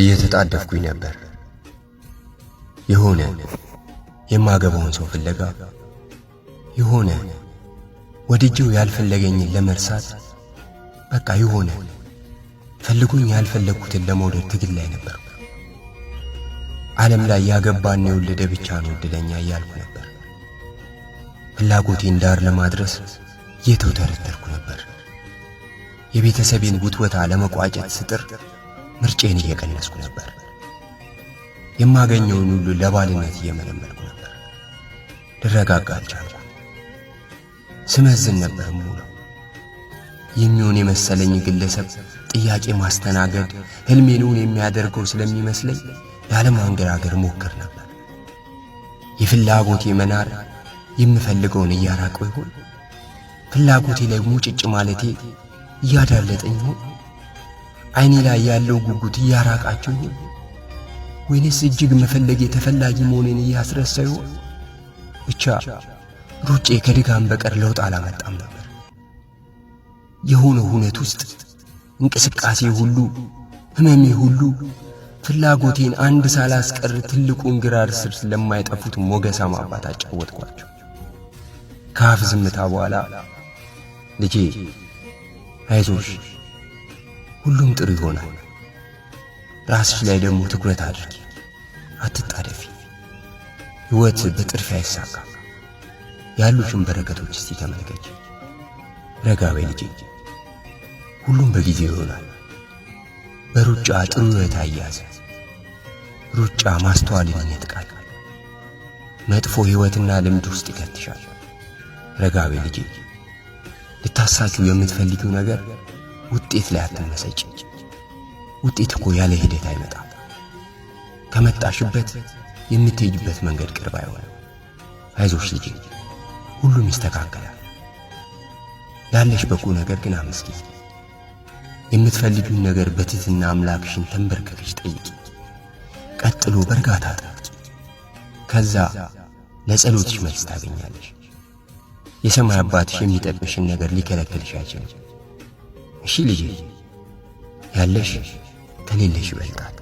እየተጣደፍኩኝ ነበር። የሆነ የማገባውን ሰው ፍለጋ፣ የሆነ ወድጄው ያልፈለገኝን ለመርሳት፣ በቃ የሆነ ፈልጉኝ ያልፈለግኩትን ለመውደድ ትግል ላይ ነበር። ዓለም ላይ ያገባን የወለደ ብቻ ነው እድለኛ እያልኩ ነበር። ፍላጎቴን ዳር ለማድረስ የተውተረተርኩ ነበር። የቤተሰቤን ጉትወታ ለመቋጨት ስጥር ምርጬን እየቀነስኩ ነበር። የማገኘውን ሁሉ ለባልነት እየመለመልኩ ነበር። ልረጋጋ ስመዝን ነበር ሙሉ የሚሆን የመሰለኝ ግለሰብ ጥያቄ ማስተናገድ ህልሜውን የሚያደርገው ስለሚመስለኝ ላለማንገራገር ሞክር ነበር። የፍላጎቴ መናር የምፈልገውን እያራቀው ይሆን? ፍላጎቴ ላይ ሙጭጭ ማለቴ እያዳለጠኝ ይሆን? አይኔ ላይ ያለው ጉጉት እያራቃቸው ይሆን ወይንስ እጅግ መፈለጌ ተፈላጊ መሆኔን እያስረሳ ይሆን? ብቻ ሩጬ ከድጋም በቀር ለውጥ አላመጣም ነበር። የሆነ ሁነት ውስጥ እንቅስቃሴ ሁሉ፣ ህመሜ ሁሉ ፍላጎቴን አንድ ሳላስቀር ትልቁን ግራር ስር ለማይጠፉት ሞገሳም አባት አጫወትኳቸው። ከአፍ ዝምታ በኋላ ልጄ አይዞሽ ሁሉም ጥሩ ይሆናል። ራስሽ ላይ ደግሞ ትኩረት አድርጊ፣ አትጣደፊ። ሕይወት በጥርፍ አይሳካ። ያሉሽን በረከቶች እስቲ ተመልከች። ረጋ በይ ልጄ፣ ሁሉም በጊዜ ይሆናል። በሩጫ ጥሩ ሕይወት አያያዝ። ሩጫ ማስተዋልን ይነጥቃል፣ መጥፎ ሕይወትና ልምድ ውስጥ ይከትሻል። ረጋ በይ ልጄ፣ ልታሳችሁ የምትፈልጊው ነገር ውጤት ላይ አትመሰጭ። ውጤት እኮ ያለ ሂደት አይመጣም። ከመጣሽበት የምትሄጅበት መንገድ ቅርብ አይሆንም። አይዞሽ ልጅ፣ ሁሉም ይስተካከላል። ላለሽ በቁ ነገር ግን አመስግኝ። የምትፈልጊውን ነገር በትሕትና አምላክሽን ተንበርከክሽ ጠይቂ። ቀጥሎ በእርጋታ ጠብቂ። ከዛ ለጸሎትሽ መልስ ታገኛለሽ። የሰማይ አባትሽ የሚጠቅምሽን ነገር ሊከለክልሽ አይችልም። እሺ ልጄ ያለሽ ከሌለሽ ይበልጣል።